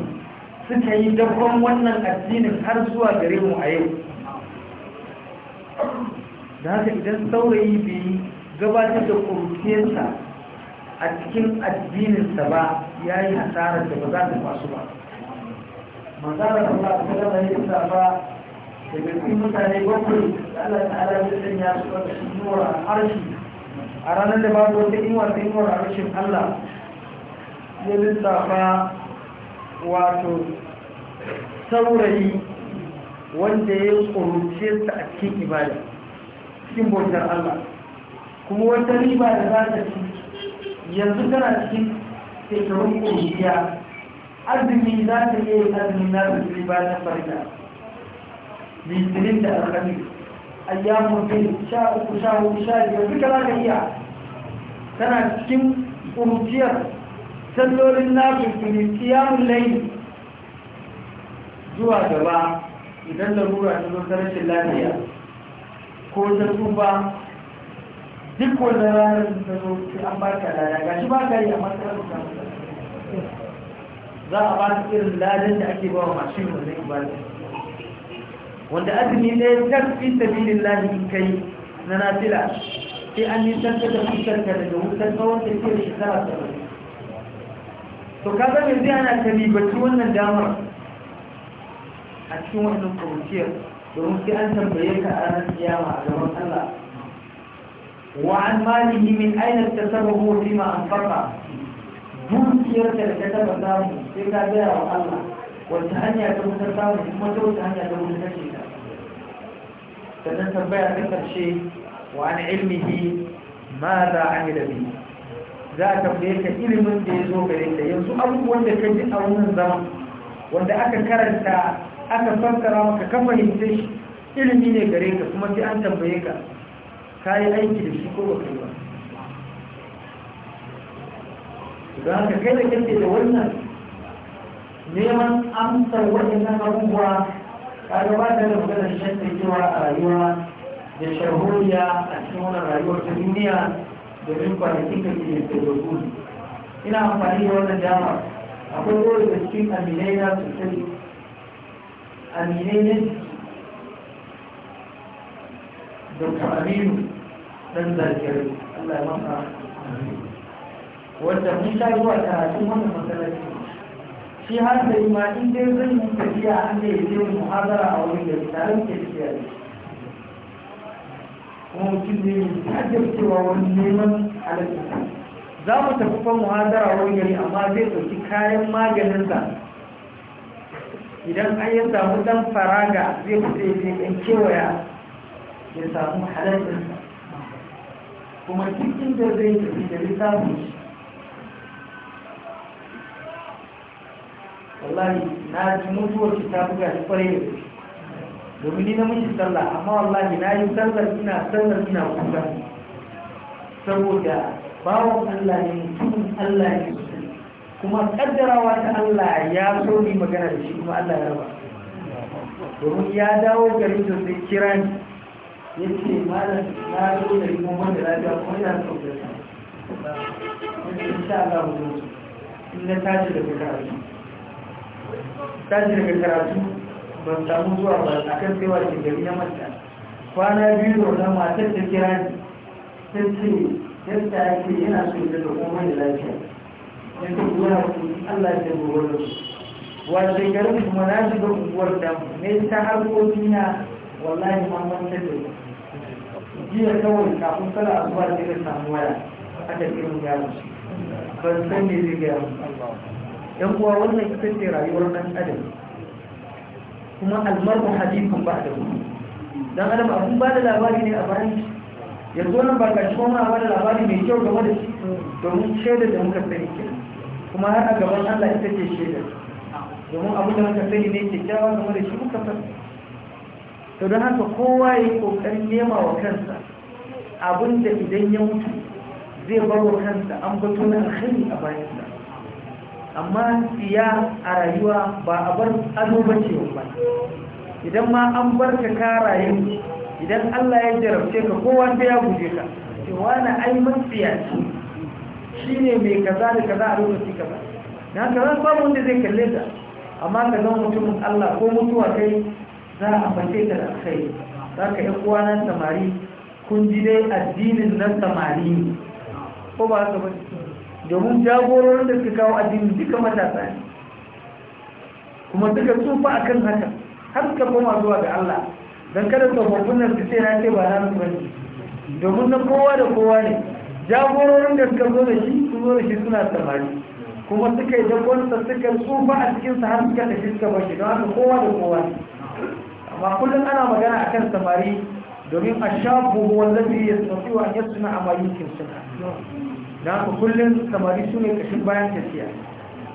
suka yi dabban wannan addinin har zuwa gare mu a yau da haka idan saurayi bai gabatar da kurkiyarsa a cikin addininsa ba ya yi hasarar da ba za ta kwasu ba mazarar Allah ta gaba sa ba daga cikin mutane bakwai Allah ta'ala zai sanya su wata inuwar arshi a ranar da babu wata inuwar ta inuwar arshin Allah ya lissafa wato saurayi wanda ya tsoronce ta a cikin ibada cikin bautar Allah kuma wata riba da za ta ci yanzu tana cikin shekarun ƙungiya azumi za ta iya yin azumi na riba ta farka litinin da alhamis ayyamun bin sha uku sha hudu sha biyar duka za ka iya tana cikin ƙurciyar sallolin nafin fili kiyamun layi zuwa gaba idan larura ta zo ta rashin lafiya ko ta tsufa duk wanda ranar da zo sai an ba ka lada ga shi ba ka yi a matsalar da za a ba ta irin ladan da ake ba wa mashin wanda ibada wanda azumi ne tafi sabilin lahi kai na nafila sai an nisanta da hutarka daga wutar tsawon da ke shekara saba'in to ka zama zai ana kalibatu wannan damar a cikin wannan kwanciyar domin sai an tambaye ka a ranar kiyama a gaban allah wa an malihi min aina ta saba hofi ma an farka dukiyar da ka taba samu sai ka gaya wa allah wata hanya ta wutar samu kuma ta wata hanya ta wutar kashe ka sannan tambaya ta karshe wa an ilmihi ma za a yi da biyu za a tambaye ka ilimin da ya zo gare ta yanzu abubuwan da ka ji a wannan zaman wanda aka karanta aka fassara maka ka fahimta shi ilimi ne gare ka kuma sai an tambaye ka ka yi aiki da shi ko ba kai ba don haka kai da kake da wannan neman amsar waɗannan abubuwa kaga ba ta da maganar shantakewa a rayuwa da shahuriya a cikin wannan rayuwar ta duniya domin kwanakin ka ke da dogo ina amfani da wannan dama akwai wani da cikin aminai na sosai aminai ne dr aminu dan zarkiyar allah ya maka wanda mun sha zuwa karatun wannan masallaci shi hankali ma in dai zan yi tafiya an da yake muhazara a wurin da tare da tafiya ne kuma mutum ne mai tajabcewa wani neman halitta za mu tafi fa muhazara wani gari amma zai ɗauki kayan maganin sa idan an yi samu dan faraga zai fita ya ɗan kewaya ya samu halittarsa kuma duk inda zai tafi da littafin shi wallahi na ji mutuwar ta buga shi kwarai da domin ni na miji sallah amma wallahi na yi sallar ina sallar ina kuka saboda bawan Allah ne mutumin Allah ne kuma kaddarawa ta Allah ya so ni magana da shi kuma Allah ya raba domin ya dawo gari da sai kira ni ya ce malam na zo da kuma da lafiya kuma yana sauƙi da in sha Allah mu zo. In na tashi daga karatu. tashi daga karatu ban samu zuwa ba a kan tsewa da gari na mata kwana biyu da wannan matar ta kira ni ta ce yadda ake yana so ya da kuma mai lafiya yanzu kuwa Allah ya gobe da su wace garin kuma na shiga unguwar damu ne ta harkoki duniya. wallahi ma ban ta da jiya kawai kafin sala a zuwa da samu waya aka kirin yaro ban san me zai gaya mu yan kuwa wannan ita ce rayuwar ɗan adam kuma almarhu hadithun ba da wuri dan adam abun ba da labari ne a bayan shi yanzu wannan ba gashi kuma ba da labari mai kyau game da shi domin shaidar da muka sani ke kuma har a gaban Allah ita ce shaidar domin abin da muka sani ne ke kyawa game da shi muka sani to don haka kowa ya yi kokarin nema wa kansa abin da idan ya mutu zai bar wa kansa an bato na alkhairi a sa amma siya a rayuwa ba a bar ado ba ce ba idan ma an bar ka karaye idan Allah ya jarabce ka kowa sai ya guje ka cewa na ai siya ce shi ne mai kaza da kaza a lokaci kaza na kaza babu wanda zai kalle ta amma ka zama mutumin Allah ko mutuwa kai za a fashe ka da kai za ka yi kowa nan samari kun ji dai addinin nan samari ko ba ka ba domin jagororin da suka kawo addini duka matasa ne kuma duka tsufa a kan haka har suka koma zuwa ga Allah don kada tsofaffin nan su ce na ce ba na nufi bane domin na kowa da kowa ne jagororin da suka zo da shi su zo da shi suna samari kuma suka yi dabbansa suka tsufa a cikinsa har suka tafi suka bashi don haka kowa da kowa ne amma kullum ana magana akan samari domin a shafu wanda zai yi sauƙi wa yasuna a mayukin suna da ku kullum samari su ne kashin bayan tafiya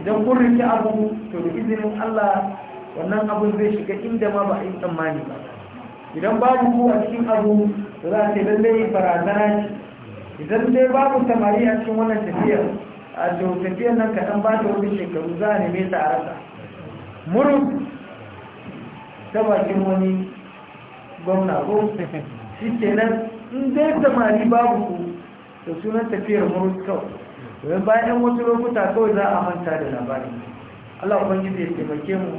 idan kun rike abu to da izinin allah wannan abun zai shiga inda ma ba a yi tsammani ba idan babu ku a cikin abu da za a ce lallai barazana ce idan dai babu samari a cikin wannan tafiyar a to tafiyar nan kaɗan ba ta wani shekaru za a neme ta a rasa muruk ta bakin wani gwamna ko shi kenan in dai samari babu ku to sunan tafiyar murus kawai domin bayan wasu lokuta kawai za a manta da labarin Allah ubangiji ya taimake mu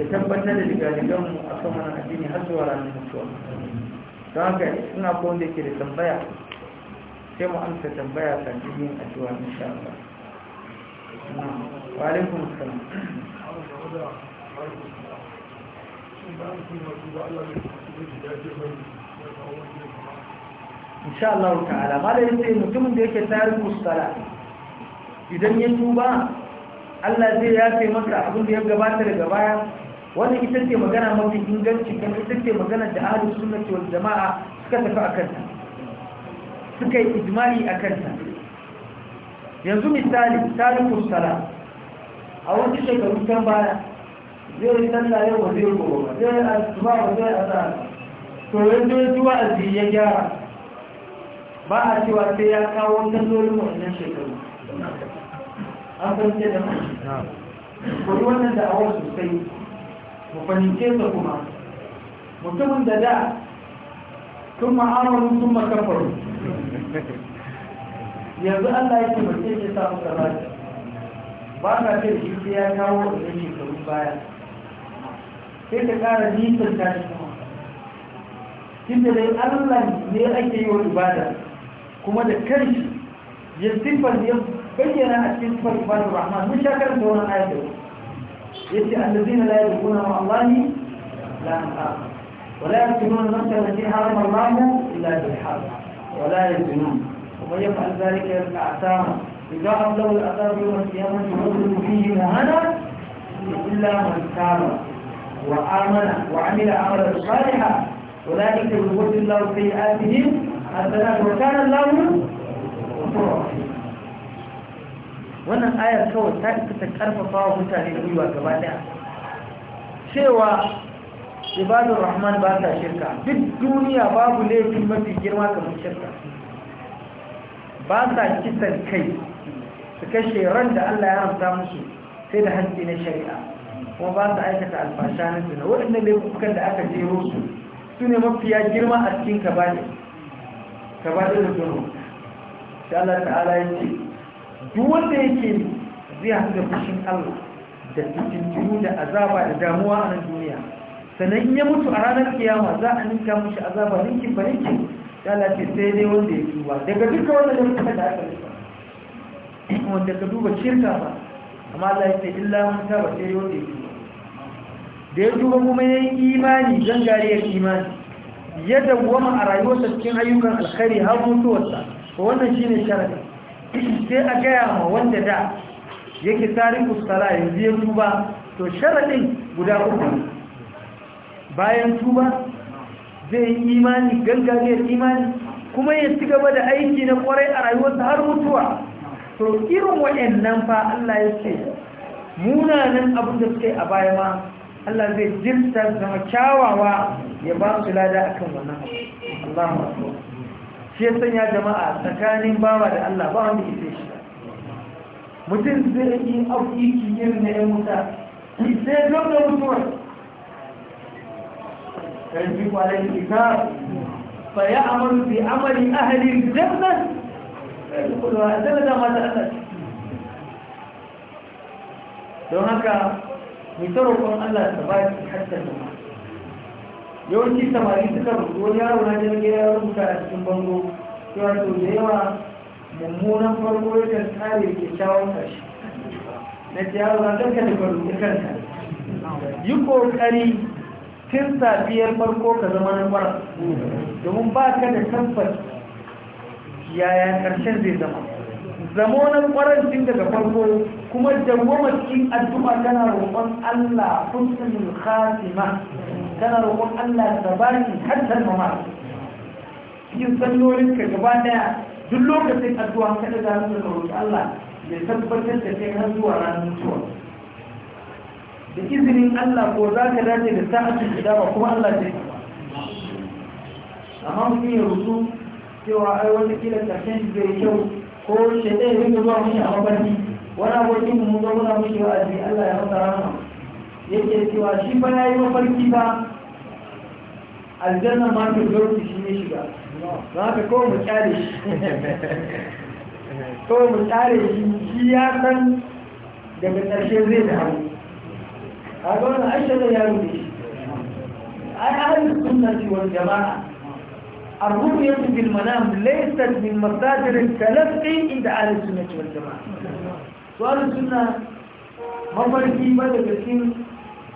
ya tabbatar da digadigan mu a kan wani addini har zuwa ranar mutuwa don haka suna ko da ke da tambaya sai mu amsa tambaya sannan a addu'a insha Allah insha Allah ta'ala malai sai mutumin da yake tarihu sala idan ya tuba Allah zai yafe masa abin da ya gabata daga baya wannan ita ce magana mafi inganci kan ita ce magana da ahli sunnati wal jama'a suka tafi akan ta suka yi ijma'i akan ta yanzu misali tarihu sala a wani shekaru can baya zai yi sallah yau ba zai gobe zai a ba zai azhar to yanzu ya tuba azzi ya gyara ba a cewa sai ya kawo tattalin wannan shekaru an fahimce da mai kuri wannan awon sosai mu fahimce su kuma mutumin da da tun ma'amarin sun makafaru yanzu allah ya taimake ce samun sabata ba ka ce shi sai ya kawo wannan shekaru baya sai ka kara nisan tashi kuma tunda dai allah ne ake yi wa ibada kuma da kanshi ya siffar ya bayyana a cikin siffar ibadu rahman mun sha da wani ayat ya ce allazina la yadkhuluna ma allahi la anfa wa la yaqtuluna nafsa allati harama allah illa bil haqq wa la yazunun wa man yaf'al dhalika yalqa asama يضاعف له العذاب يوم القيامة ويخلد فيه مهانا إلا من تاب وآمن وعمل عملا صالحا أولئك يبدل الله سيئاتهم wannan ayar kawai ta isa ta karfafa wa mutane gwiwa gaba daya cewa ibadur rahman ba ta shirka duk duniya babu laifin mafi girma kamar shirka ba sa kisan kai su kashe ran da Allah ya ramta musu sai da hanci na shari'a kuma ba sa aikata alfasha na waɗanda waɗannan laifukan da aka jero su su ne mafiya girma a cikin ka gabatar da zunubi sai Allah ta'ala ya ce duk wanda yake zai haɗu fushin Allah da jihu da azaba da damuwa a nan duniya sannan ya mutu a ranar kiyama za a ninka mushi azaba ninki ba ninkin ya sai dai wanda ya duba daga duka wanda da mutu da aka nufa wanda ka duba shirka ba amma Allah ya ce illa mun ba sai dai wanda ya duba da ya duba kuma ya yi imani gangare ya imani ya dawwama a rayuwarsa cikin ayyukan alkhairi har mutuwarsa wannan shine sharadi sai a gaya ma wanda da yake tariku sala yanzu ya tuba to sharadin guda uku bayan tuba zai yi imani gangariyar imani kuma ya ci gaba da aiki na kwarai a rayuwarsa har mutuwa to irin waɗannan fa Allah ya ce munanan abin da suka yi a baya ma Allah zai jimta zama kyawawa ya ba su lada akan wannan Allah Allahu akbar shi ya sanya jama'a tsakanin bawa da Allah ba wanda yake shi mutum zai yi auki irin na yan wuta sai zo da mutuwa yanzu kwanan ita fa ya amaru bi amali ahli janna zama da mata Allah don haka mai tarokon Allah ta ba shi hatta da yawanci samari suka rubuta wani yaro na jirgin ya rubuta a cikin bango cewa to da yawa mummunan farko ya kan kare kyakkyawan ƙarshe na ce yaro na kanka da faru yi ƙoƙari tun safiyar farko ka zama na ƙwara domin ba ka da tabbas yaya ƙarshen zai zama zamonan ƙwarancin daga farko kuma dawwama addu'a tana roƙon Allah husnul khatima tana roƙon Allah sabani hatta mama yin sanyoyin ka gaba daya duk lokacin addu'a ka da zaka roƙi Allah ya tabbatar da kai har zuwa ranar mutuwa da izinin Allah ko za ka dace da sa'atul kidama kuma Allah zai amma mutum ya rusu cewa ai wata kila karshen zai kyau ko shaitan ya rinka zuwa mishi a mafarki wani abokin mu zo muna mishi wa aji Allah ya fasa rana. yake cewa shi fa yi mafarki ba aljanna ma ta zo shi ne shiga Za ka kawai mu kyale shi kawai mu kyale shi shi ya san daga ƙarshe zai da hau a ga wani aisha da yaro ne shi ai ahalin sunna ce wani jama'a الرؤية في المنام ليست من مصادر التلقي عند أهل السنة والجماعة سؤال السنة ما فرق في بعض الكثير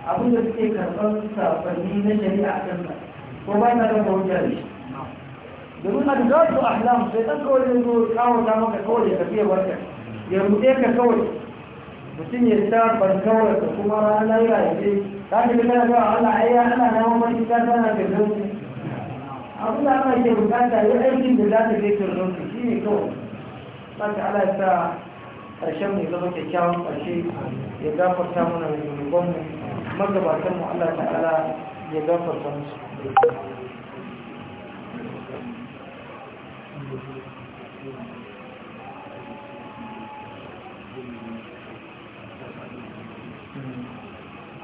أبو ذكي كرفان فالدين شريعة كما وبعد هذا هو جاري يقولون أن جاءت أحلام شيطان كول يقول كاو كاو كاو يكفيه وكا يقول إيه كاو مسلم يستار بنكاو يكفيه وكا كما رأى الله يكفيه كان يقول الله أيها أنا نوم الإسلام أنا كذلك abin da ana ke bukata yi aikin da za ta je firdausi shi ne kawai ba ta ala ta ƙarshen mai zama kyakkyawan ƙarshe ya gafarta mana da zunubanmu mu allah ta'ala ya gafarta musu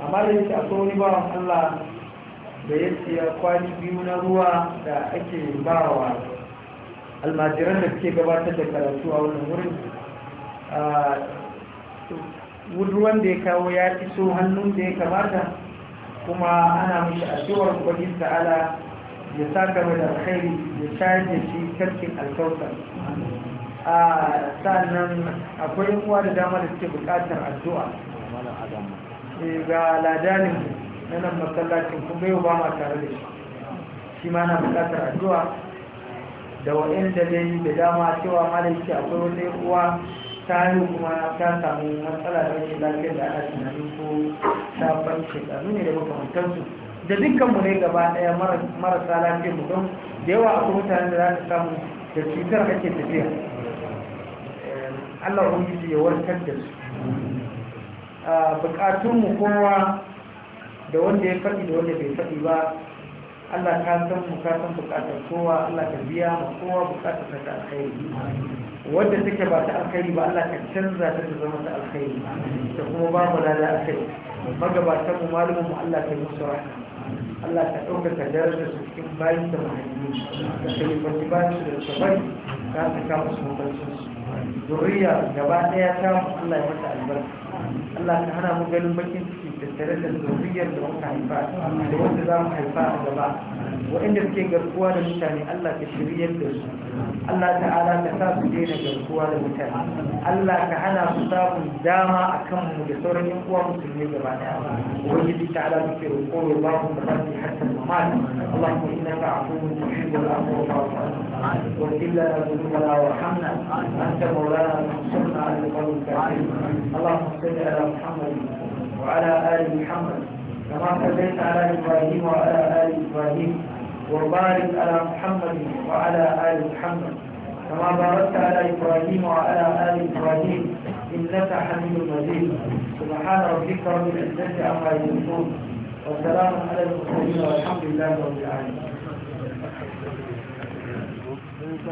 amma da yake akwai wani bawan allah da ya siya kwali biyu na ruwa da ake bawa almajiran da suke gabatar da karatu a wannan wurin ruwan da ya kawo ya iso hannun da ya kamata kuma ana a cewar kwanin ta'ala ya sa game da alkhairi ya shaje shi karkin alkauta a sannan akwai uwa da dama da suke bukatar addu'a eh, ga ladanin na nan masallacin kun yau ba ma tare da shi shi ma na bukatar addu'a da wa'anda dai da dama cewa malaiki akwai wani uwa ta yi kuma ta samu matsala da rashin lafiyar da ana tunanin ko ta sabon shekaru ne da makamantansu da dukkanmu ne gaba ɗaya marasa lafiyar mu don da yawa akwai mutane da za su samu da cutar kake tafiya eh, Allah ubangiji ya warkar da su ah, bukatunmu kowa da wanda ya faɗi da wanda bai faɗi ba Allah ka san mu ka san bukatar kowa Allah ka biya mu kowa bukatar ta alkhairi wanda take ba ta alkhairi ba Allah ka canza ta ta zama ta alkhairi ta kuma ba mu lada alkhairi magabatan mu malumin mu Allah ka musu raka. Allah ka ɗaukaka darajar su cikin bayan da muhalli ka kalifanci ba su da suka bari ka ta kama su mafarcin su zuriya gaba ɗaya ta mu Allah ya mata albarka Allah ka hana mu ganin bakin ciki الثلاثة الزوجية اللي هو حيفاء اللي هو حيفاء الضباء وإن بكي قرقوة المتاني الله كشرية الدرس الله تعالى تساب دينا قرقوة المتاني الله كحنا مصاب داما أكم مجسورا يقوى مسلمين جبانا ويجب تعالى بكي رقول الله مرد حتى الممات الله يقول إنا فعفوه تحب الأمر وفعفوه قل إلا نبدو ولا وحمنا أنت مولانا نحصرنا على القول الكريم اللهم صل على محمد وعلى آل محمد كما صليت على إبراهيم وعلى آل إبراهيم وبارك على محمد وعلى آل محمد كما باركت على إبراهيم وعلى آل إبراهيم إنك حميد مجيد سبحان ربك رب العزة عما يصفون والسلام على المرسلين والحمد لله رب العالمين